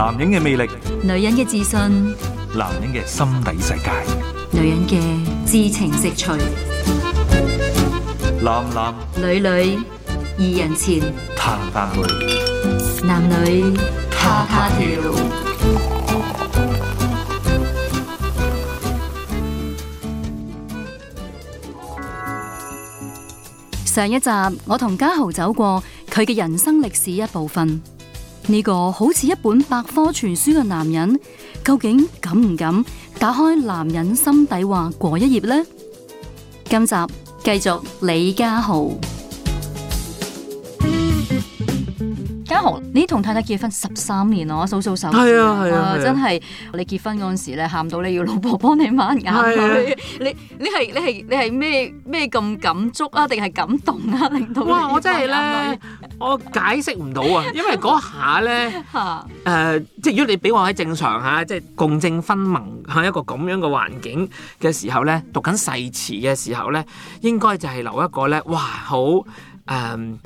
男人嘅魅力，女人嘅自信，男人嘅心底世界，女人嘅知情識趣，男男女女二人前彈彈句，男女他她調。上一集我同家豪走過佢嘅人生歷史一部分。呢個好似一本百科全書嘅男人，究竟敢唔敢打開男人心底話嗰一頁呢？今集繼續李家豪。你同太太結婚十三年咯，數數手指，係啊係啊，啊啊啊啊真係你結婚嗰陣時咧，喊到你要老婆幫你掹眼、啊你，你你係你係你係咩咩咁感觸啊，定係感動啊，令到哇！我真係咧， 我解釋唔到啊，因為嗰下咧，誒、 呃，即係如果你俾我喺正常吓，即係共證分盟喺一個咁樣嘅環境嘅時候咧，讀緊誓詞嘅時候咧，應該就係留一個咧，哇，好誒。嗯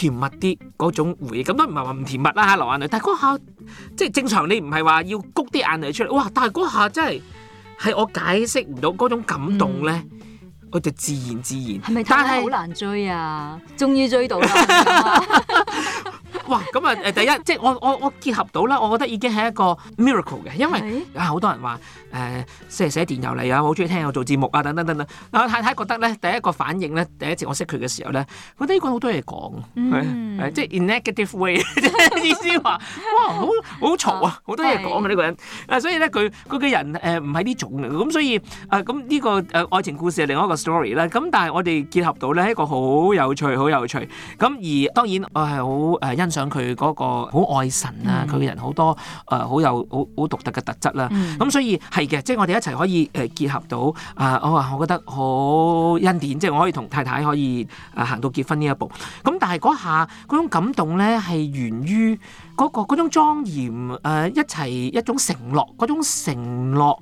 甜蜜啲嗰種回憶，咁都唔係話唔甜蜜啦，流眼淚。但係嗰下即係正常，你唔係話要谷啲眼淚出嚟。哇！但係嗰下真係係我解釋唔到嗰種感動咧，嗯、我就自然自然。係咪但係好難追啊？終於追到啦！ 在 哇！咁啊誒，第一即係我我我結合到啦，我覺得已經係一個 miracle 嘅，因為有好多人話誒，寫寫電郵嚟啊，好中意聽我做節目啊，等等等等。我太太覺得咧，第一個反應咧，第一次我識佢嘅時候咧，覺得呢個好多嘢講，誒即係 negative way 意思話，哇好好嘈啊，好多嘢講嘅呢個人。啊，所以咧佢佢嘅人誒唔係呢種嘅，咁所以啊咁呢個誒愛情故事係另外一個 story 啦。咁但係我哋結合到咧係一個好有趣、好有趣。咁而當然我係好誒欣賞。佢嗰個好愛神啊！佢嘅人好多誒，好、呃、有好好獨特嘅特質啦、啊。咁所以係嘅，即係我哋一齊可以誒結合到啊。我、呃、話我覺得好恩典，即係我可以同太太可以啊行到結婚呢一步。咁但係嗰下嗰種感動咧，係源於嗰、嗰個嗰種莊嚴、呃、一齊一種承諾，嗰種承諾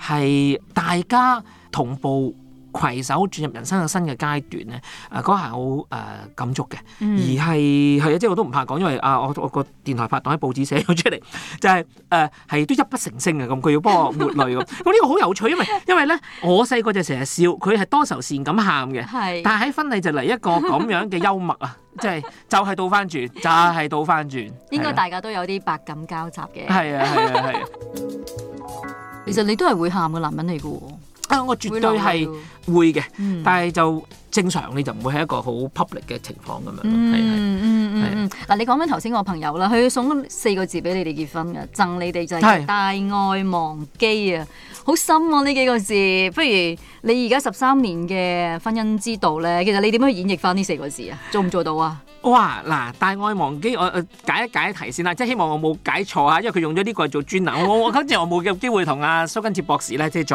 係大家同步。攜手進入人生嘅新嘅階段咧，啊嗰下好誒感觸嘅，而係係啊，即係我都唔怕講，因為啊我我個電台拍檔喺報紙寫咗出嚟，就係誒係都泣不成聲啊咁，佢要幫我抹淚咁。咁呢 個好有趣，因為因為咧我細個就成日笑，佢係多愁善感喊嘅，係。但係喺婚禮就嚟一個咁樣嘅幽默啊，即係就係倒翻轉，就係倒翻轉。應該大家都有啲百感交集嘅。係啊係啊係。其實你都係會喊嘅男人嚟嘅喎？啊！我絕對係會嘅，嗯、但係就正常你就唔會係一個好 public 嘅情況咁樣、嗯。嗯嗯嗯嗯。嗱、嗯，你講緊頭先個朋友啦，佢送咗四個字俾你哋結婚嘅，贈你哋就係大愛忘機是啊！好深啊呢幾個字，不如你而家十三年嘅婚姻之道咧，其實你點樣去演繹返呢四個字啊？做唔做到啊？ 哇！嗱，大愛忘機，我我解一解題先啦，即係希望我冇解錯啊，因為佢用咗呢個嚟做專欄。我我今朝我冇嘅機會同阿蘇根哲博士咧，即係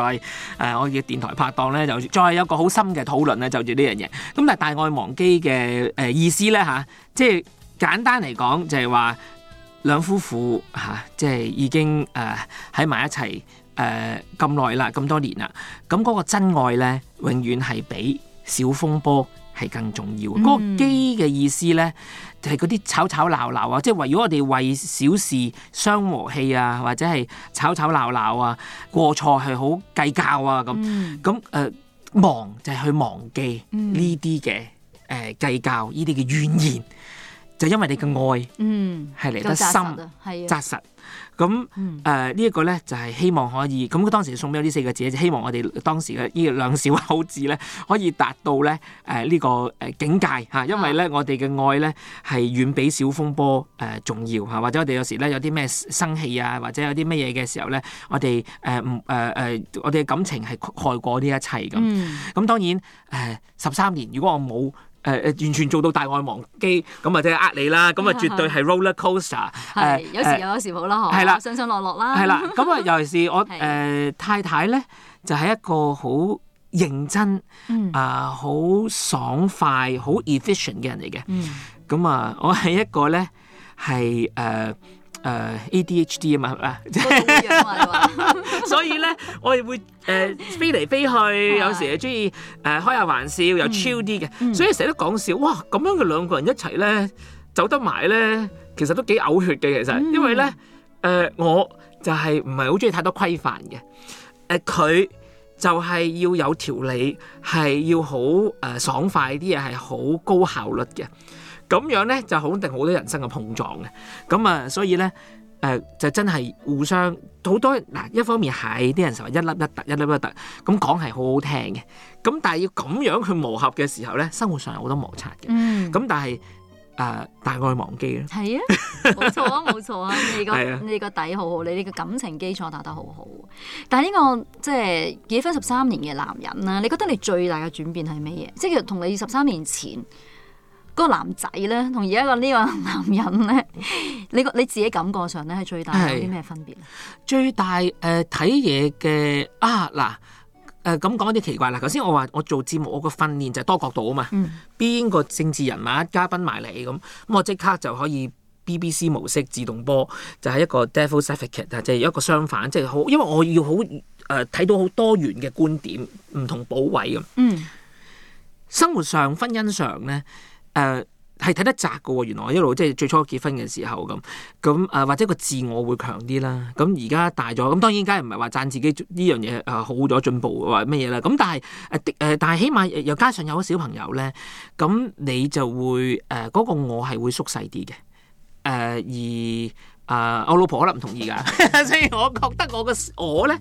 再誒我嘅電台拍檔咧，就再有個好深嘅討論咧，就住呢樣嘢。咁但係大愛忘機嘅誒意思咧嚇，即係簡單嚟講就係話兩夫婦嚇，即係已經誒喺埋一齊誒咁耐啦，咁多年啦，咁嗰個真愛咧永遠係比小風波，係更重要，嗰、嗯、個機嘅意思咧，就係嗰啲吵吵鬧鬧啊，即係如果我哋為小事傷和氣啊，或者係吵吵鬧鬧啊，過錯係好計較啊，咁咁誒忘就係、是、去忘記呢啲嘅誒計較呢啲嘅怨言，就因為你嘅愛，嗯，係嚟得深，係扎、嗯、實，實，咁誒呢一個咧就係希望可以，咁佢當時送俾我呢四個字，就希望我哋當時嘅呢兩小口子咧，可以達到咧誒呢個誒境界嚇，因為咧我哋嘅愛咧係遠比小風波誒重要嚇，或者我哋有時咧有啲咩生氣啊，或者有啲乜嘢嘅時候咧，我哋誒唔誒誒，我哋嘅感情係蓋過呢一切咁。咁當然誒十三年，如果我冇。誒誒，完全做到大外望機咁啊，即係呃你啦，咁啊，絕對係 roller coaster。係， 有時有，有時好啦，嗬、啊。係啦的，上上落落啦。係啦的，咁啊， 尤其是我誒、呃、太太咧，就係、是、一個好認真啊，好、嗯呃、爽快、好 efficient 嘅人嚟嘅。嗯。咁啊，我係一個咧，係誒。呃誒 A D H D 啊嘛，係咪啊？所以咧，我哋會誒、呃、飛嚟飛去， 有時又中意誒開下玩笑，又 chill 啲嘅，嗯嗯、所以成日都講笑。哇！咁樣嘅兩個人一齊咧，走得埋咧，其實都幾嘔血嘅。其實，因為咧，誒、呃、我就係唔係好中意太多規範嘅，誒、呃、佢就係要有條理，係要好誒、呃、爽快啲，又係好高效率嘅。咁樣咧就好定好多人生嘅碰撞嘅，咁、嗯、啊，所以咧，誒、呃、就真係互相好多嗱、呃，一方面係啲人就話一粒一突一粒一突，咁講係好好聽嘅，咁但係要咁樣去磨合嘅時候咧，生活上有好多摩擦嘅，咁、嗯、但係誒，但、呃、係忘記咯。係啊，冇錯啊，冇錯啊， 你個你個底好好，你呢個感情基礎打得好好，但係呢、這個即係結婚十三年嘅男人啊。你覺得你最大嘅轉變係咩嘢？即係同你十三年前。嗰個男仔咧，同而家個呢個男人咧，你個你自己感覺上咧係最大有啲咩分別啊？最大誒，睇嘢嘅啊嗱誒，咁講啲奇怪啦。頭先我話我做節目，我個訓練就係多角度啊嘛。邊、嗯、個政治人物嘉賓埋嚟咁，咁我即刻就可以 BBC 模式自動播，就係、是、一個 Devil's Advocate 就係一個相反，即係好因為我要好誒睇到好多元嘅觀點，唔同部位咁。嗯，生活上、婚姻上咧。誒係睇得窄㗎喎、哦，原來我一路即係最初結婚嘅時候咁咁誒，或者個自我會強啲啦。咁而家大咗，咁當然梗係唔係話讚自己呢樣嘢誒好咗進步或乜嘢啦，咁但係誒的但係起碼又加上有個小朋友咧，咁你就會誒嗰、呃嗰個我係會縮細啲嘅。誒、呃、而啊、呃，我老婆可能唔同意㗎， 所以我覺得我個我咧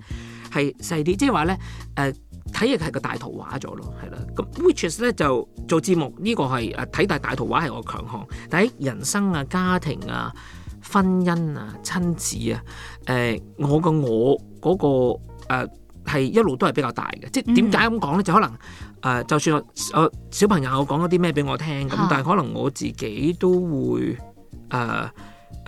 係細啲，即係話咧誒。就是睇亦係個大圖畫咗咯，係啦。咁 Whiches 咧就做節目呢、呢個係誒睇大大圖畫係我強項，但係人生啊、家庭啊、婚姻啊、親子啊，誒、呃、我、我、嗰個我嗰個誒係一路都係比較大嘅。即係點解咁講咧？就可能誒、呃，就算我我小朋友講咗啲咩俾我聽咁，但係可能我自己都會誒。呃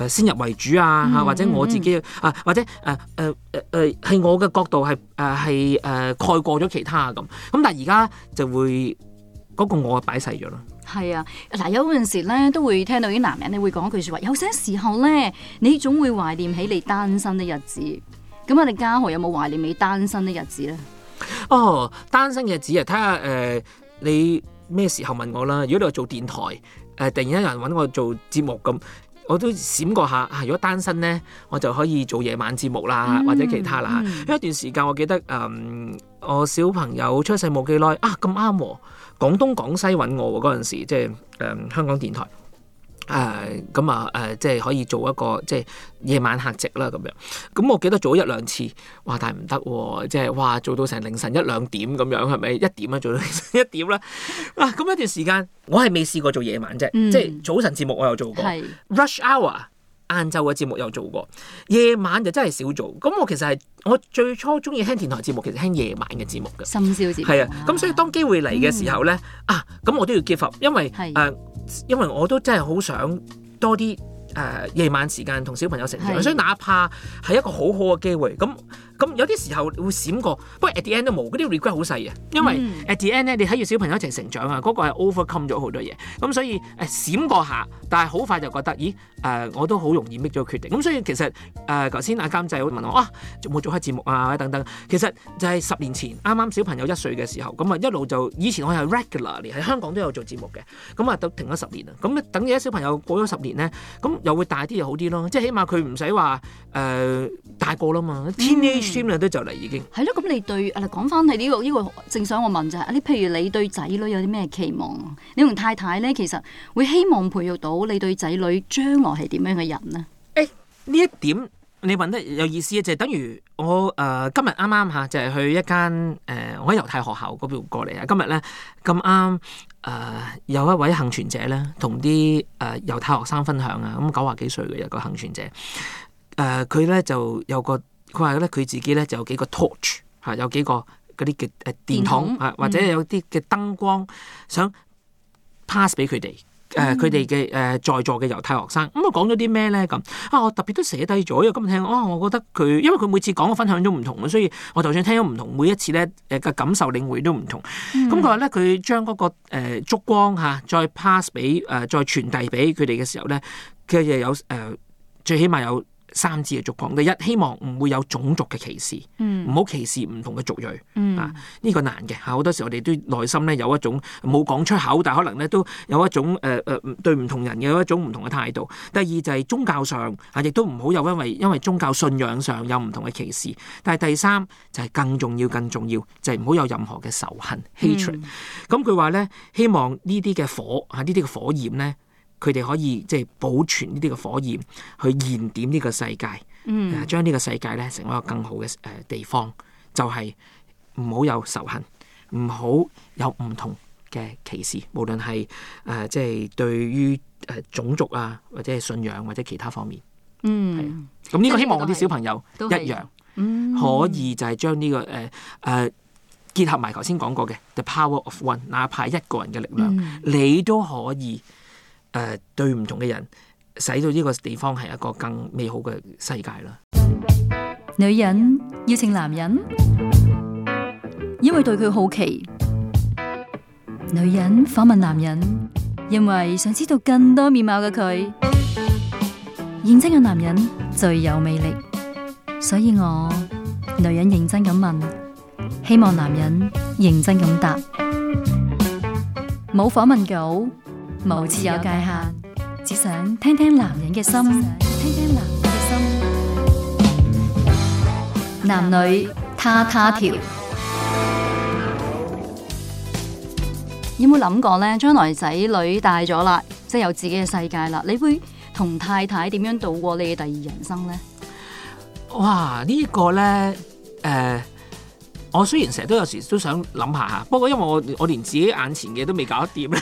先入為主啊，嚇、嗯、或者我自己、嗯、啊，或者誒誒誒誒，喺、呃呃呃、我嘅角度係誒係誒蓋過咗其他咁。咁但係而家就會嗰、那個我擺曬咗咯。係啊，嗱、啊、有陣時咧都會聽到啲男人咧會講一句説話，有些時候咧你總會懷念起你單身的日子。咁我哋家豪有冇懷念起單身的日子咧？哦，單身日子啊，睇下誒你咩時候問我啦。如果你做電台，誒、呃、突然有人揾我做節目咁。我都閃過下、啊，如果單身呢，我就可以做夜晚節目啦，或者其他啦。因、嗯、一段時間，我記得誒、嗯，我小朋友出世冇幾耐啊，咁啱喎，廣東廣西揾我嗰、啊、陣時，即係誒、嗯、香港電台。誒咁啊誒，即係、uh, 可以做一個即係夜晚客席啦咁樣。咁我記得做一兩次，哇！但係唔得喎，即係哇，做到成凌晨一兩點咁樣，係咪一點啊？做到一點啦。啊，咁一段時間，我係未試過做夜晚啫，即係早晨節目我有做過，rush hour 晏晝嘅節目有做過，夜晚就真係少做。咁我其實係我最初鍾意聽電台節目，其實聽夜晚嘅節目嘅，深宵節。係啊。咁所以當機會嚟嘅時候咧，啊，咁我都要接受，oh yeah. Um, yeah. So, 因為誒。Uh, 因為我都真係好想多啲誒、呃、夜晚時間同小朋友成長，的所以哪怕係一個好好嘅機會咁。咁有啲時候會閃過，不過 at the end 都冇，嗰啲 regret 好細嘅，因為 at the end 咧，你睇住小朋友一齊成長啊，嗰、嗰個係 overcome 咗好多嘢，咁所以誒閃過下，但係好快就覺得，咦誒、呃、我都好容易搣咗個決定，咁所以其實誒頭先阿監製會問我啊，做冇做開節目啊等等，其實就係十年前啱啱小朋友一歲嘅時候，咁啊一路就以前我係 regular 喺香港都有做節目嘅，咁啊都停咗十年啦，咁等而家小朋友過咗十年呢，咁又會大啲又好啲咯，即係起碼佢唔使話誒大個啦嘛，teenage 數都就嚟已經係咯，咁你對啊？嗱，講翻你呢個呢個，這個、正想我問就係、是、啊，你譬如你對仔女有啲咩期望？你同太太咧，其實會希望培育到你對仔女將來係點樣嘅人呢？誒、欸，呢一點你問得有意思、就是呃、剛剛啊！就係等於我誒，今日啱啱吓，就係去一間誒、呃，我喺猶太學校嗰邊過嚟啊。今日咧咁啱誒，有一位幸存者咧，同啲誒猶太學生分享啊。咁九廿幾歲嘅一個幸存者，誒、呃，佢咧就有個。佢話咧，佢自己咧就有幾個 torch 嚇，有幾個嗰啲嘅誒電筒嚇，嗯、或者有啲嘅燈光想 pass 俾佢哋，誒佢哋嘅誒在座嘅猶太學生。咁啊講咗啲咩咧咁啊？我特別都寫低咗，因為今日聽，啊、哦，我覺得佢因為佢每次講嘅分享都唔同啊，所以我就算聽咗唔同，每一次咧誒嘅感受領會都唔同。咁佢話咧，佢將嗰個誒燭光嚇再 pass 俾誒再傳遞俾佢哋嘅時候咧，佢又有誒、呃、最起碼有，三支嘅族話，第一希望唔會有種族嘅歧視，唔好、嗯、歧視唔同嘅族裔、嗯、啊！呢、這個難嘅嚇，好多時我哋都內心咧有一種冇講出口，但可能咧都有一種誒誒、呃、對唔同人嘅一種唔同嘅態度。第二就係宗教上啊，亦都唔好有因為因為宗教信仰上有唔同嘅歧視。但係第三就係、是、更重要更重要，就係唔好有任何嘅仇恨 hatred。咁佢話咧，希望呢啲嘅火嚇呢啲嘅火焰咧。佢哋可以即係保存呢啲嘅火焰，去燃點呢個世界，誒、嗯啊，將呢個世界咧成為一個更好嘅誒、呃、地方，就係唔好有仇恨，唔好有唔同嘅歧視，無論係誒、呃、即係對於誒種族啊，或者係信仰或者其他方面，嗯，係啊，咁呢個希望我啲小朋友一樣，都都可以就係將呢、這個誒誒、呃、結合埋頭先講過嘅 the power of one，哪怕一個人嘅力量，嗯、你都可以。誒、呃，對唔同嘅人，使到呢個地方係一個更美好嘅世界啦。女人邀請男人，因為對佢好奇；女人訪問男人，因為想知道更多面貌嘅佢。認真嘅男人最有魅力，所以我女人認真咁問，希望男人認真咁答。冇訪問稿。無設有界限，只想聽聽男人嘅心，聽聽男人嘅心。男女他她調， 有冇諗過咧？將來仔女大咗啦，即係有自己嘅世界啦，你會同太太點樣度過你嘅第二人生呢？哇！呢、這個呢，誒、呃，我雖然成日都有時都想諗下不過，因為我我連自己眼前嘅都未搞得掂咧。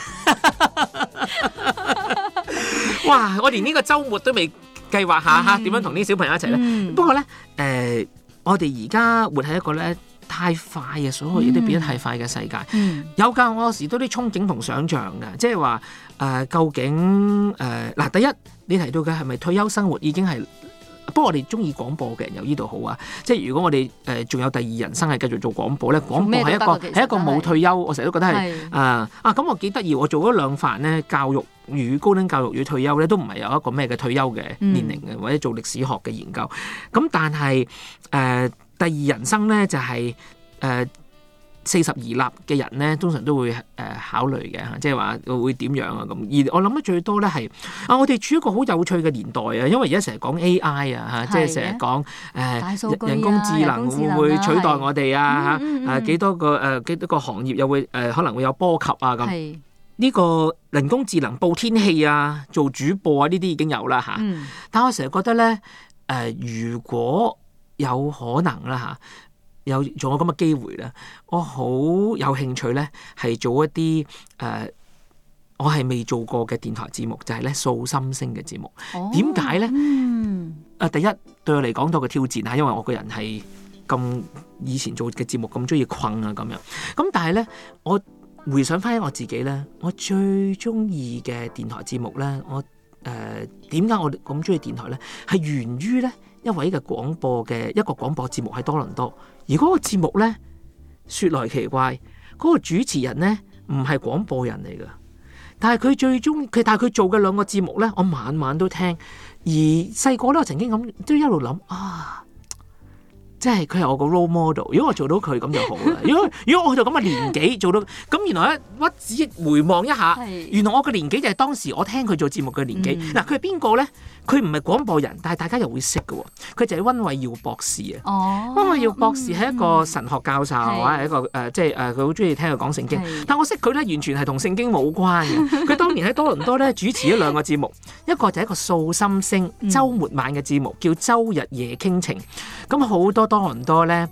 哇！我連呢個周末都未計劃下吓，點樣同啲小朋友一齊咧？嗯、不過咧，誒、呃，我哋而家活喺一個咧太快啊，所有嘢都變得太快嘅世界。嗯嗯、有間我有時都啲憧憬同想象嘅，即係話誒，究竟誒嗱、呃，第一你提到嘅係咪退休生活已經係？不過我哋中意廣播嘅人由呢度好啊，即係如果我哋誒仲有第二人生係繼續做廣播咧，廣播係一個係一個冇退休，的我成日都覺得係的、呃、啊啊咁我幾得意，我做咗兩範咧，教育與高等教育與退休咧都唔係有一個咩嘅退休嘅年齡嘅，嗯、或者做歷史學嘅研究，咁但係誒、呃、第二人生咧就係、是、誒。呃四十二立嘅人咧，通常都會誒考慮嘅，即係話會點樣啊咁。而我諗得最多咧係啊，我哋處於一個好有趣嘅年代啊，因為而家成日講 AI 的講、呃、啊，即係成日講誒人工智能，工智能、啊、會唔會取代我哋啊？嚇誒幾多個誒幾、呃、多個行業又會誒、呃、可能會有波及啊咁。呢的個人工智能報天氣啊，做主播啊，呢啲已經有啦嚇。啊嗯、但我成日覺得咧誒、呃，如果有可能啦嚇。啊啊有仲有咁嘅機會咧，我好有興趣咧，係做一啲誒、呃，我係未做過嘅電台節目，就係咧訴心聲嘅節目。點解咧？嗯，啊，第一對我嚟講都係個挑戰嚇，因為我個人係咁以前做嘅節目咁中意困啊咁樣。咁但係咧，我回想翻起我自己咧，我最中意嘅電台節目咧，我誒點解我咁中意電台咧？係源於咧。一位嘅廣播嘅一個廣播節目喺多倫多，而嗰個節目呢，說來奇怪，嗰個主持人呢唔係廣播人嚟㗎，但係佢最終佢，但係佢做嘅兩個節目呢，我晚晚都聽，而細個呢，我曾經咁都一路諗啊。即係佢係我個 role model，如果我做到佢咁就好啦。如果如果我去到咁嘅年紀做到咁， 到原來一屈指回望一下，是原來我嘅年紀就係當時我聽佢做節目嘅年紀嗱，佢係邊個咧？佢唔係廣播人，但係大家又會識嘅喎。佢就係溫慧耀博士啊。哦，溫慧耀博士係一個神學教授，或者、嗯、一個誒、呃、即係誒佢好中意聽佢講聖經，是但我識佢咧，完全係同聖經冇關嘅。佢 當年喺多倫多咧主持咗兩個節目， 一個就係一個素心星週末晚嘅節目，嗯、叫週日夜傾情。咁好多。多倫多咧，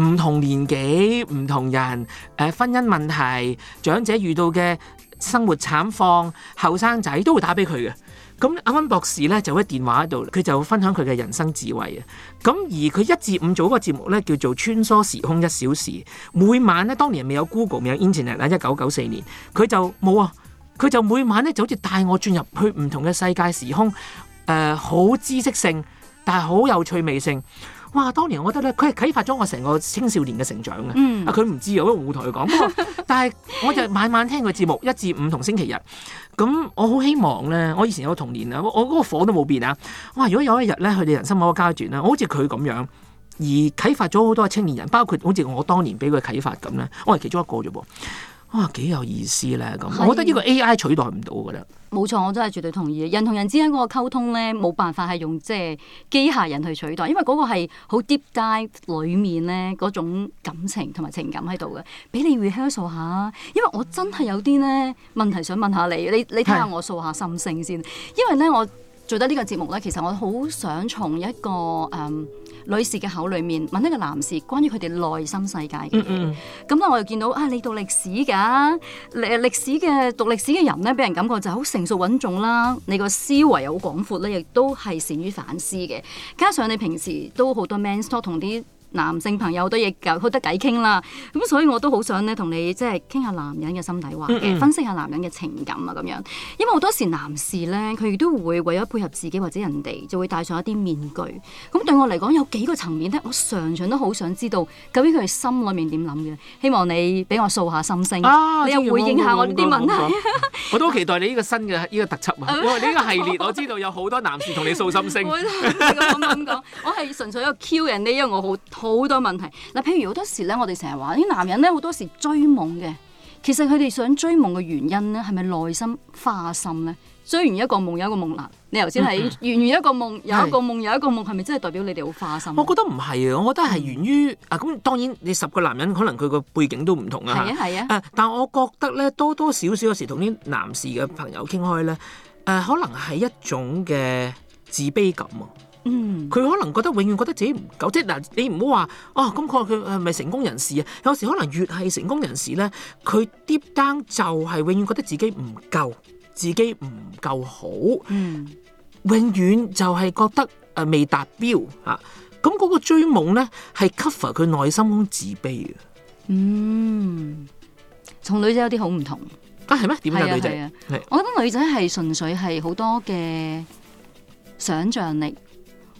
唔同年紀、唔同人、誒、呃、婚姻問題、長者遇到嘅生活慘況、後生仔都會打俾佢嘅。咁阿溫博士咧就喺電話度，佢就分享佢嘅人生智慧啊。咁而佢一至五做嗰個節目咧，叫做穿梭時空一小時。每晚咧，當年未有 Google，未有 Internet，一九九四年，佢就冇啊。佢就每晚咧，就好似帶我進入去唔同嘅世界時空，誒、呃、好知識性，但係好有趣味性。哇！當年我覺得咧，佢係啟發咗我成個青少年嘅成長嘅。啊、嗯，佢唔知啊，我都唔會同佢講。 但係，我就晚晚聽佢節目，一至五同星期日。咁我好希望咧，我以前有個童年啊，我嗰個火都冇變啊。哇！如果有一日咧，佢哋人生某個階段咧，好似佢咁樣，而啟發咗好多青年人，包括好似我當年俾佢啟發咁咧，我係其中一個啫噃。哇，幾、哦、有意思咧！咁，是我覺得呢個 A.I. 取代唔到，我覺得。冇錯，我真係絕對同意。人同人之間嗰個溝通咧，冇辦法係用即係機械人去取代，因為嗰個係好 deep dive 裏面咧嗰種感情同埋情感喺度嘅。俾你 recall 下，因為我真係有啲咧問題想問下你，你你睇下我數下心聲先。是因為咧，我做得呢個節目咧，其實我好想從一個誒，嗯女士嘅口裏面問一個男士關於佢哋內心世界嘅嘢，咁咧我又見到啊，你讀歷史㗎、啊，誒歷史嘅讀歷史嘅人咧，俾人感覺就好成熟穩重啦，你個思維好廣闊咧，亦都係善於反思嘅，加上你平時都好多 Men's Talk 同啲男性朋友好多嘢好得偈傾啦，咁、嗯、所以我都好想咧同你即係傾下男人嘅心底話嘅，嗯、分析下男人嘅情感啊咁樣。因為好多時男士咧，佢亦都會為咗配合自己或者人哋，就會戴上一啲面具。咁、嗯、對我嚟講，有幾個層面咧，我常常都好想知道究竟佢喺心裏面點諗嘅。希望你俾我掃下心聲，啊、你又回應下我呢啲問題。啊、我都好期待你呢個新嘅呢、呢個特輯啊！呢個系列我知道有好多男士同你掃心聲。 我咁講，我係純粹一個 Q 人呢，A，因為我好。好多問題嗱，譬如好多時咧，我哋成日話啲男人咧，好多時追夢嘅，其實佢哋想追夢嘅原因咧，係咪內心花心咧？追完一個夢有一個夢難、啊，你頭先喺完完一個夢有一個夢是有一個夢，係咪真係代表你哋好花心我？我覺得唔係、嗯、啊，我覺得係源於啊。咁當然，你十個男人可能佢個背景都唔同啊。係啊係啊。誒、啊，但我覺得咧，多多少少有時同啲男士嘅朋友傾開咧，誒、啊，可能係一種嘅自卑感啊。嗯，佢可能覺得永遠覺得自己唔夠，即係嗱，你唔好話哦，咁佢佢係咪成功人士啊？有時可能越係成功人士咧，佢 deep down 就係永遠覺得自己唔夠，自己唔夠好，嗯，永遠就係覺得誒、呃、未達標啊！咁嗰個追夢咧係 cover 佢內心自卑嘅，嗯，女同女仔有啲好唔同啊，係咩？點解、啊啊啊啊、女仔生、啊？我覺得女仔係純粹係好多嘅想像力。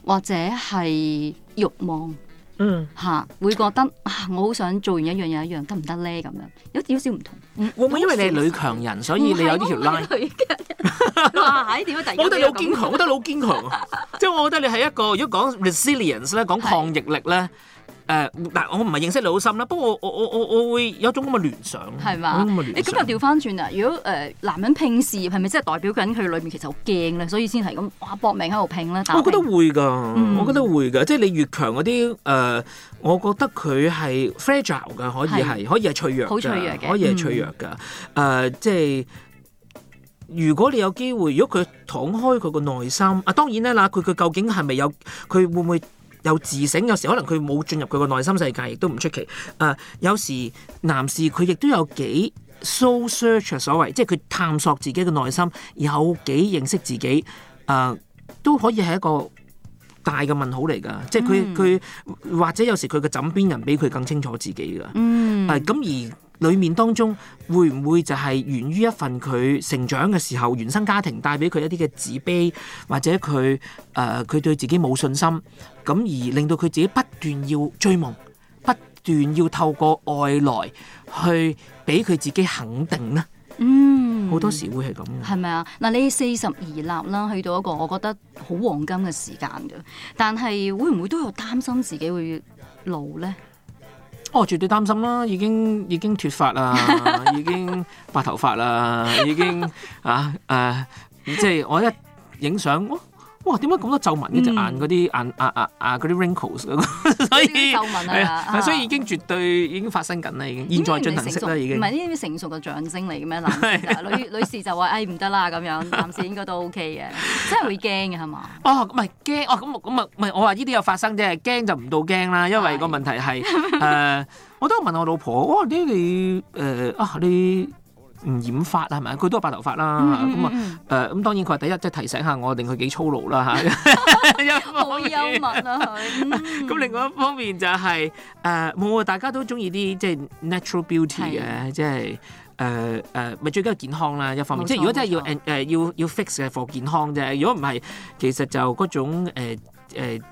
或者係慾望，嗯嚇，會覺得啊，我好想做完一樣又一樣，得唔得咧？咁樣有少少唔同。唔、嗯、會唔會因為你係女強人，嗯、所以你有呢條 line 哇！嚇，點解突然？我覺得你好堅強， 我覺得你好堅強。即係 我覺得你係 一個，如果講 resilience 咧，講抗逆力咧。 誒、呃，但我唔係認識你好深啦，不過我我我我會有種咁嘅聯想，係嘛嗎？誒，咁又調翻轉啦，如果誒、呃、男人拼事業，係咪即係代表緊佢裏面其實好驚咧，所以先係咁哇搏命喺度拼咧、嗯呃？我覺得會噶，我覺得會噶，即係你越強嗰啲誒，我覺得佢係 fragile 噶，可以係，是可以係脆弱，好脆弱嘅，可以係脆弱噶，誒、嗯呃，即係如果你有機會，如果佢敞開佢個內心，啊，當然啦，嗱，佢佢究竟係咪有，佢會唔會？有自省，有時可能佢冇進入佢個內心世界，亦都唔出奇。誒、呃，有時男士佢亦都有幾 self-search 所謂，即係佢探索自己嘅內心，有幾認識自己。誒、呃，都可以係一個大嘅問號嚟噶。即係佢佢或者有時佢嘅枕邊人比佢更清楚自己噶。嗯、呃，係咁而。裏面當中會唔會就係源於一份佢成長嘅時候原生家庭帶俾佢一啲嘅自卑，或者佢誒佢對自己冇信心，咁而令到佢自己不斷要追夢，不斷要透過外來去俾佢自己肯定呢。嗯，好多時會係咁，係咪啊？嗱，你四十而立啦，去到一個我覺得好黃金嘅時間嘅，但係會唔會都有擔心自己會老呢？我、哦、絕對擔心啦，已經已經脱髮啦，已經白頭髮啦， 已經啊誒、啊，即係我一影相。哦哇，點解咁多皺紋咧？隻眼嗰啲眼啊啊啊嗰啲 wrinkles，所以皺紋係啊，係所以已經絕對已經發生緊啦，已經現在進行式啦，已經唔係呢啲成熟嘅象徵嚟嘅咩？男士、女女士就話誒唔得啦咁樣，男士應該都 OK 嘅，真係會驚嘅係嘛？哦，唔係驚，哦咁咁啊，唔係我話呢啲有發生啫，驚就唔到驚啦，因為個問題係誒，我都問我老婆，哇啲你誒啊你。唔染髮係咪？佢都有白頭髮啦，咁啊誒咁當然佢話第一即係提醒下我，定佢幾粗魯啦嚇。好、啊、幽 面 默啊佢。咁、嗯嗯嗯、另外一方面就係誒冇大家都中意啲即係 natural beauty 嘅，是即係誒誒咪最緊要健康啦。一方面，錯即係如果真係要誒錯、uh, 要要 fix 嘅 for 健康啫。如果唔係，其實就嗰種誒、uh, uh,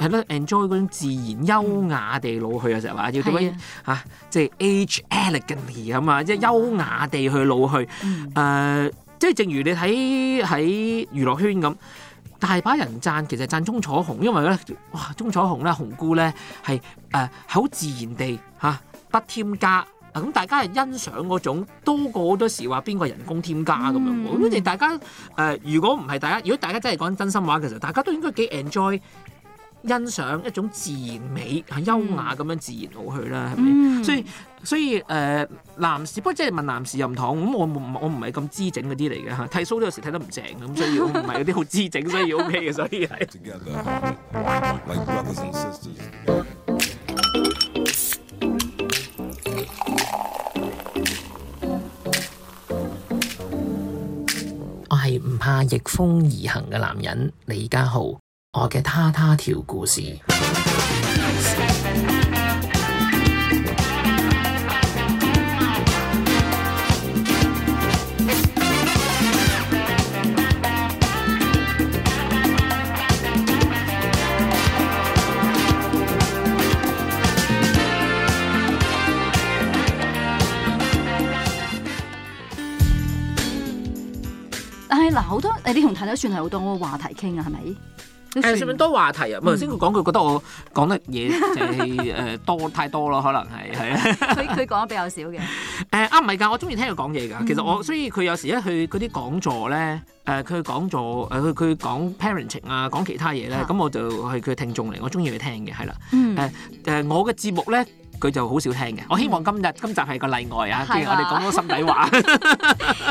係咯，enjoy 嗰種自然優雅地老去啊，成日話要點樣嚇，即係 age elegantly 咁啊即係優雅地去老去。誒、呃，即係正如你睇喺娛樂圈咁，大把人讚，其實讚鐘楚紅，因為咧哇，鐘楚紅咧紅姑咧係誒好自然地嚇、啊，不添加咁，嗯嗯、大家係欣賞嗰種多過好多時話邊個人工添加咁樣。咁好似大家誒、呃，如果唔係大家，如果大家真係講真心話，其實大家都應該幾 enjoy。欣賞一種自然美，係、嗯、優雅咁樣自然老去啦，係咪、嗯？所以所以誒，男士不過即係問男士任堂，咁我我唔係咁姿整嗰啲嚟嘅嚇，剃鬚都有時睇得唔正嘅，咁所以唔係嗰啲好姿整，所以， 所以 OK 嘅，所以係。 我係唔怕逆風而行嘅男人，李家豪。我嘅他他條故事， 但係嗱，好多你同太太算係好多我嘅話題傾啊，係咪？上面多話題啊！唔係頭先佢講，佢覺得我講得嘢誒多太多啦，可能係係啦。佢佢 講得比較少嘅。誒、呃，啱唔係㗎，我中意聽佢講嘢㗎。嗯、其實我所以佢有時咧去嗰啲講座咧，誒、呃、佢講座，誒佢佢講 parenting 啊，講其他嘢咧，咁、啊、我就係佢聽眾嚟，我中意去聽嘅，係啦。誒誒、嗯呃呃，我嘅節目咧。佢就好少聽嘅，我希望今日、嗯、今集係個例外啊！跟住吧我哋講多心底話。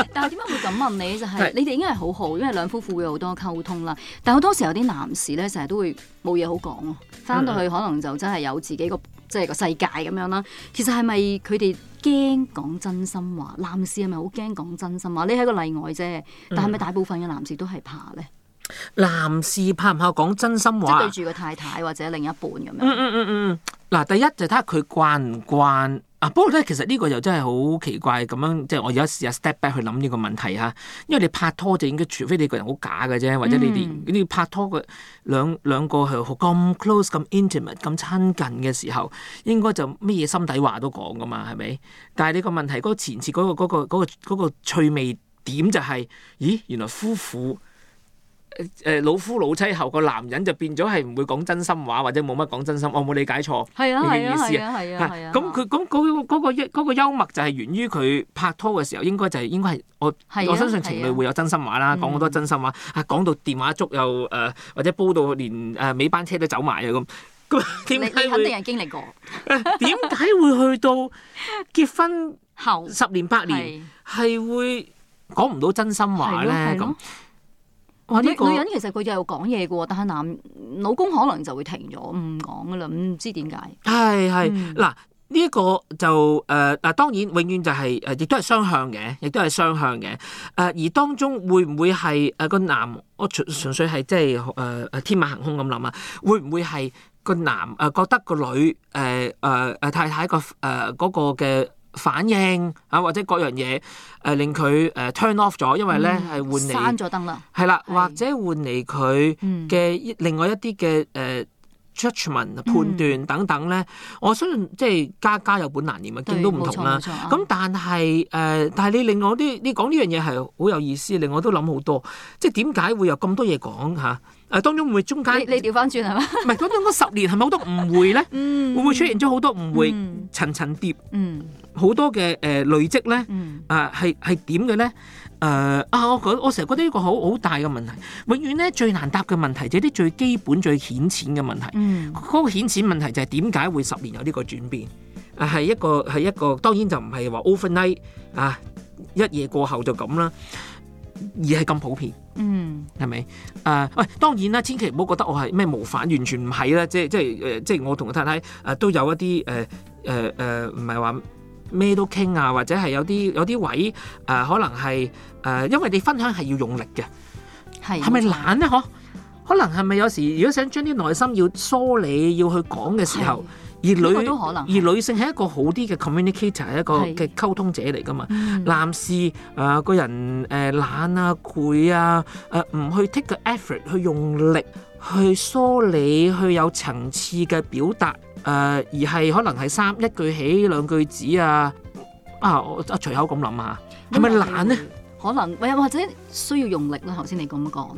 但係點解會咁問你？就係、係、你哋已經係好好，因為兩夫婦有好多溝通啦。但係好多時候啲男士咧，成日都會冇嘢好講哦。翻到去可能就真係有自己個即係個世界咁樣啦。其實係咪佢哋驚講真心話？男士係咪好驚講真心話？你係個例外啫，但係咪大部分嘅男士都係怕咧？嗯、男士怕唔怕講真心話？即係對住個太太或者另一半咁樣。嗯嗯嗯嗯。嗱，第一就睇下佢慣唔慣啊！不過咧，其實呢個又真係好奇怪咁樣，即係我有時啊 step back 去諗呢個問題嚇，因為你拍拖就應該，除非你個人好假嘅啫，或者你連呢拍拖嘅兩兩個係好咁 close、咁 intimate、咁親近嘅時候，應該就咩嘢心底話都講噶嘛，係咪？但係你個問題嗰前設嗰個嗰個嗰個嗰個趣味點就係，咦，原來夫婦。誒老夫老妻後個男人就變咗係唔會講真心話，或者冇乜講真心。我冇理解錯，係啊，你嘅意思？係啊，係啊。咁佢咁嗰嗰個、嗰個幽默就係源於佢拍拖嘅時候，應該就係、是、應該係我、啊、我相信情侶、啊、會有真心話啦，講好多真心話。啊，講到電話粥又誒、呃，或者煲到連誒尾班車都走埋啊咁。咁點解？你你肯定係經歷過。點 解會去到結婚後十年八年係會講唔到真心話咯？咁。這個、女人其實佢又有講嘢嘅喎，但係男老公可能就會停咗唔講嘅啦，唔知點解。係係嗱呢個就誒嗱、呃，當然永遠就係、係、誒，亦都係雙向嘅，亦都係雙向嘅。誒而當中會唔會係誒個男？我、呃、純純粹係即係誒誒天馬行空咁諗啊？會唔會係個男誒覺得個女誒誒誒太太、呃個誒嗰個嘅？反應啊，或者各樣嘢誒令佢誒 turn off 咗，因為咧係換嚟，關咗燈啦。係啦，或者換嚟佢嘅另外一啲嘅誒 judgement 判斷等等咧。我相信即係家家有本難唸啊，見都唔同啦。咁但係誒，但係你另外啲，你講呢樣嘢係好有意思，令我都諗好多。即係點解會有咁多嘢講嚇？誒，當中會唔會中間你你調翻轉係嗎？唔係，當中嗰十年係咪好多誤會咧？嗯，會唔會出現咗好多誤會層層疊？嗯。好多嘅誒累積咧，誒係係點嘅咧？誒啊！呃、我講我成日覺得一個好好大嘅問題，永遠咧最難答嘅問題，就係啲最基本、最顯淺嘅問題。嗰、嗯、個顯淺問題就係點解會十年有呢個轉變？啊，係一個係一個，當然就唔係話 overnight 啊一夜過後就咁啦，而係咁普遍。嗯，係咪？誒、啊、喂，當然啦，千祈唔好覺得我係咩模範，完全唔係啦。即即係誒，即係我同太太誒都有一啲誒誒誒，唔係話。呃呃呃咩都傾啊，或者係有啲有啲位誒、呃，可能係誒、呃，因為你分享係要用力嘅，係係咪懶咧？呵，可能係咪有時？如果想將啲內心要梳理，要去講嘅時候，的而女都可能而女性係一個好啲嘅 communicator，係一個嘅的溝通者嚟噶嘛？嗯、男士誒、呃、個人誒、呃、懶啊、攰啊、誒、呃、唔去 take the effort 去用力。去梳理，去有層次嘅表達，誒、呃、而係可能係三一句起兩句止啊，啊我隨口咁諗下，係咪懶呢？可能，或者需要用力咯。頭先你咁講，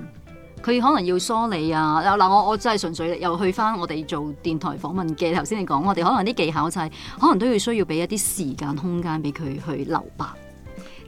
佢可能要梳理啊。嗱，我我真係純粹又去返我哋做電台訪問嘅頭先你講，我哋可能啲技巧就係可能都要需要俾一啲時間空間俾佢去留白，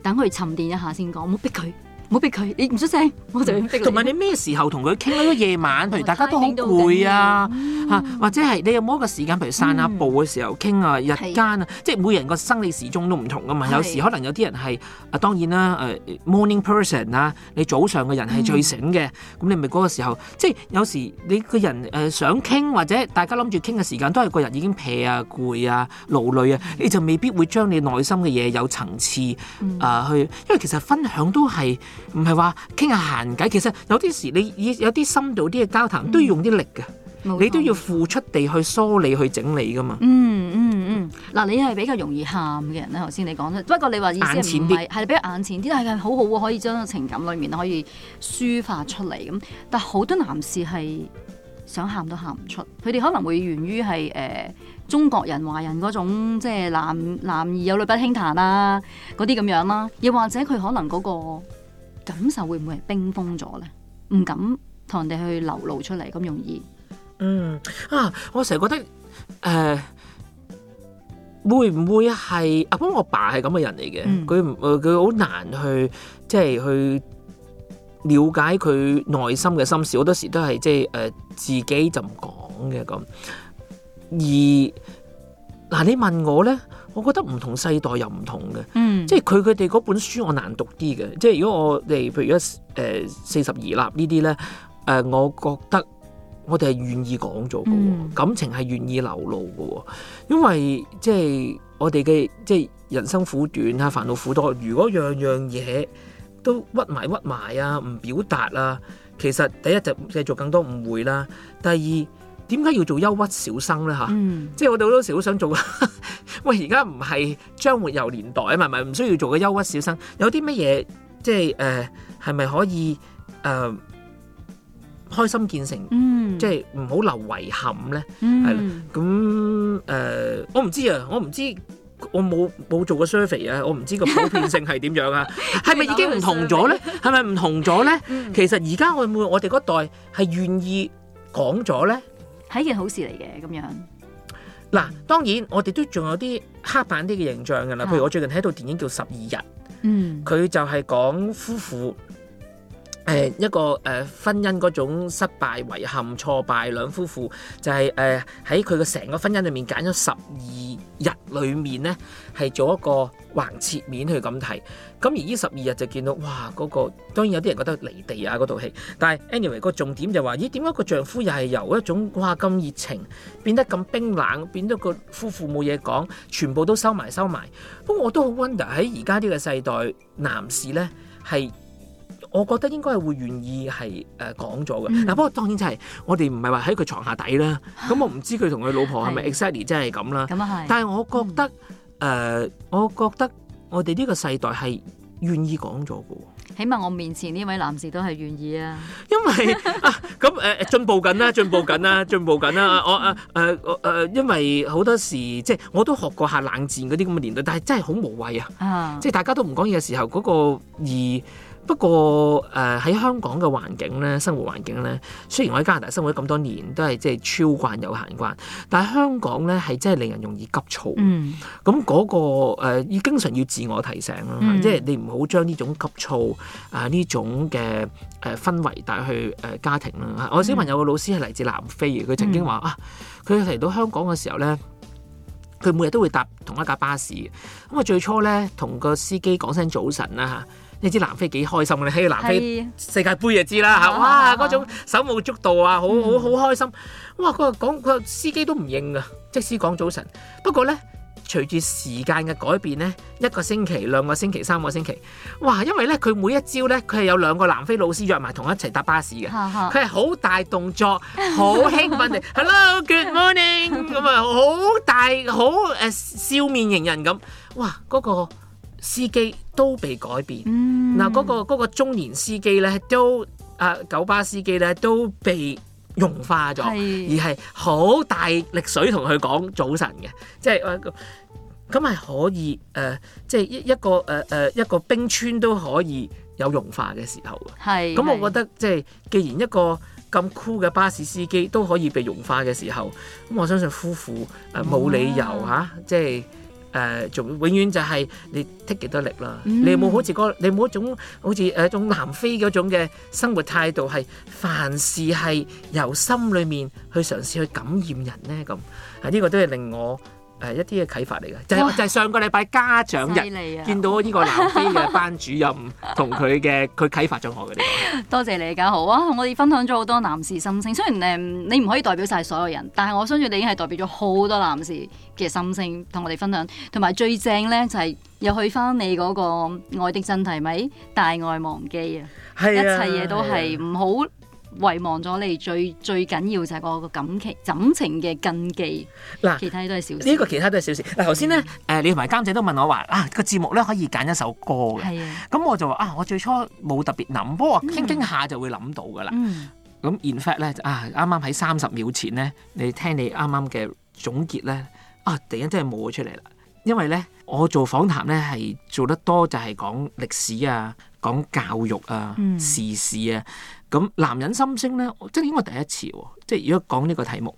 等佢沉澱一下先講，冇逼佢。唔好逼佢，你唔出聲，嗯、我就同埋你咩時候同佢傾咧？夜晚，譬如大家都好攰啊，吓、嗯啊、或者係你有冇一個時間，譬如散下、嗯、步嘅時候傾啊，日間啊，是即係每人個生理時鐘都唔同噶嘛。是有時可能有啲人係啊，當然啦，誒、uh,，morning person 啊，你早上嘅人係最醒嘅。咁、嗯、你咪嗰個時候，即係有時你個人誒、呃、想傾或者大家諗住傾嘅時間，都係個人已經疲啊、攰啊、勞累啊，你就未必會將你內心嘅嘢有層次啊去，因為其實分享都係。唔係話傾下閒偈，其實有啲時你以有啲深度啲嘅交談，嗯、都要用啲力嘅，冇錯。你都要付出地去梳理、去整理噶嘛。嗯嗯嗯，嗱、嗯嗯，你係比較容易喊嘅人咧。頭先你講咗，不過你話意思唔係係比較眼前啲，係係好好可以將情感裏面可以抒發出嚟咁。但係好多男士係想喊都喊唔出，佢哋可能會源於係誒、呃、中國人華人嗰種即係男男兒有淚不輕彈啊嗰啲咁樣啦，又或者佢可能嗰、嗰個。感受會唔會係冰封咗咧？唔敢同人哋去流露出嚟，咁容易。嗯啊，我成日覺得誒，會唔會係阿哥？我爸係咁嘅人嚟嘅，佢佢好難去即係去了解佢內心嘅心事。好多時都係即係誒自己就唔講嘅咁。而嗱，你問我咧？我覺得唔同世代又唔同嘅，嗯、即係佢佢哋嗰本書我難讀啲嘅。即係如果我哋譬如一四十而立呢啲咧，誒、呃、我覺得我哋係願意講咗嘅，嗯、感情係願意流露嘅，因為即係我哋嘅即係人生苦短啊，煩惱苦多。如果樣樣嘢都屈埋屈埋啊，唔表達啊，其實第一就製造更多誤會啦，第二，點解要做憂鬱小生咧嚇？嗯、即係我哋好多時好想做。喂，而家唔係張活游年代啊嘛，唔係唔需要做個憂鬱小生。有啲乜嘢即係誒，係咪可以誒、呃、開心見誠？即係唔好留遺憾咧。係啦，咁誒，我唔知啊，我唔知，我冇冇做過 survey 啊，我唔知個普遍性係點樣啊。係咪已經唔同咗咧？係咪唔同咗咧？ 嗯、其實而家我我我哋嗰代係願意講咗咧。係一件好事嚟嘅咁樣。嗱、嗯，當然我哋都仲有啲黑板啲嘅形象噶啦，譬如我最近睇套電影叫《十二日》，嗯，佢就係講夫婦。誒一個誒、呃、婚姻嗰種失敗、遺憾、挫敗，兩夫婦就係誒喺佢嘅成個婚姻裏面揀咗十二日裏面呢係做一個橫切面去咁睇。咁而呢十二日就見到哇，嗰、嗰個當然有啲人覺得離地啊嗰套戲，但係 anyway 個重點就話咦，點解個丈夫又係由一種哇咁熱情變得咁冰冷，變咗個夫婦冇嘢講，全部都收埋收埋。不過我都好 wonder 喺而家呢個世代男士呢係。我覺得應該係會願意係誒講咗嘅。嗱、嗯啊，不過當然就係我哋唔係話喺佢床下底啦。咁我唔知佢同佢老婆係咪 exactly 真係咁啦。咁啊係。但係我覺得誒、嗯呃，我覺得我哋呢個世代係願意講咗嘅。起碼我面前呢位男士都係願意啊。 因為咁誒進步緊啦，進步緊啦，進步緊啦。我啊誒誒、啊啊啊啊，因為好多時即係我都學過下冷戰嗰啲咁嘅年代，但係真係好無謂啊。即係大家都唔講嘢嘅時候，嗰、嗰個而。不過誒喺、呃、香港嘅環境咧，生活環境咧，雖然我喺加拿大生活咗咁多年，都係即係超慣有閒慣，但係香港咧係真係令人容易急躁。嗯。咁嗰、那個要、呃、經常要自我提醒啦，嗯、即係你唔好將呢種急躁啊呢、呃、種嘅誒、呃、氛圍帶去誒、呃、家庭啦。嗯、我小朋友個老師係嚟自南非嘅，佢曾經話、嗯、啊，佢嚟到香港嘅時候咧，佢每日都會搭同一架巴士。咁啊，最初咧同個司機講聲早晨啦嚇。你知南非幾開心嘅咧？你喺南非世界盃就知啦嚇！哇，嗰種手舞足蹈啊，好好好開心！哇，佢講佢司機都唔應嘅，即使講早晨。不過咧，隨住時間嘅改變咧，一個星期、兩個星期、三個星期，哇！因為咧，佢每一朝咧，佢係有兩個南非老師約埋同一齊搭巴士嘅，佢係好大動作、好興奮地，Hello, good morning，咁啊好大好誒笑面迎人咁。哇，嗰個～司機都被改變，嗱嗰、嗯嗰個嗰個中年司機咧都啊、呃、九巴司機咧都被融化咗，是而係好大力水同佢講早晨嘅，即係咁係可以誒，即係一一個誒誒、呃、一個冰川都可以有融化嘅時候，係咁，我覺得即係、即係、既然一個咁酷嘅巴士司機都可以被融化嘅時候，咁我相信夫婦誒冇、呃、理由嚇、嗯啊、即係。誒做、呃、永遠就係、是、你剔幾多力啦、mm. 那個，你有冇好似個你冇一種好似誒一種南非嗰種嘅生活態度係凡事係由心裡面去嘗試去感染人呢？咁啊呢、呢個都係令我。係一啲嘅啟發嚟嘅，就係、是、就係、是、上個禮拜家長日見到呢個南非嘅班主任同佢嘅佢啟發咗我嘅。多謝你，家豪啊！同我哋分享咗好多男士心聲。雖然你唔可以代表晒所有人，但係我相信你已經係代表咗好多男士嘅心聲同我哋分享。同埋最正咧就係又去翻你嗰個愛的真諦，咪大愛忘記啊！一切嘢都係唔、啊、好。遺忘咗，你最最緊要就係個感期感情嘅根基，嗱、啊，其他都係小事。呢個其他都係小事。嗱、啊，頭先咧，誒、嗯呃，你同埋監仔都問我話啊，個節目咧可以揀一首歌嘅，咁的我就話啊，我最初冇特別諗，不過傾傾下就會諗到噶啦。咁、嗯、in fact 咧，啊，啱啱喺三十秒前咧，你聽你啱啱嘅總結咧，啊，突然間真係冒出嚟啦，因為咧，我做訪談咧係做得多就係講歷史啊，講教育啊，時事啊。啊嗯咁男人心聲咧，真係應該係第一次喎，即係如果講呢個題目，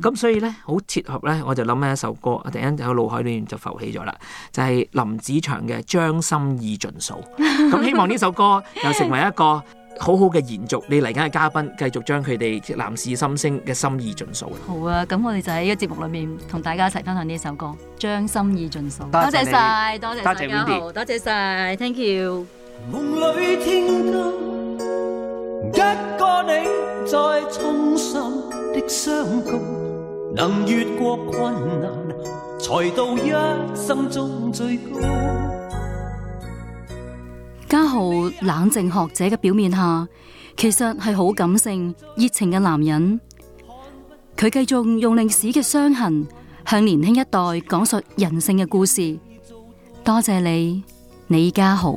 咁所以咧好切合咧，我就諗起一首歌，我突然間喺腦海裏面就浮起咗啦，就係林子祥嘅《將心意盡訴》。咁希望呢首歌又成為一個好好嘅延續，你嚟緊嘅嘉賓繼續將佢哋男士心聲嘅心意盡訴。好啊，咁我哋就喺呢個節目裏面同大家一齊分享呢首歌《將心意盡訴》，多謝曬，多謝大家，多謝 Windy，多謝曬，Thank you。能越過困難，才到一生中最高。家豪冷靜學者嘅表面下，其實係好感性、熱情嘅男人。佢繼續用歷史嘅傷痕，向年輕一代講述人性嘅故事。多謝你，李家豪。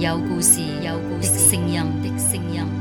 有故事，有故事，聲音的聲音。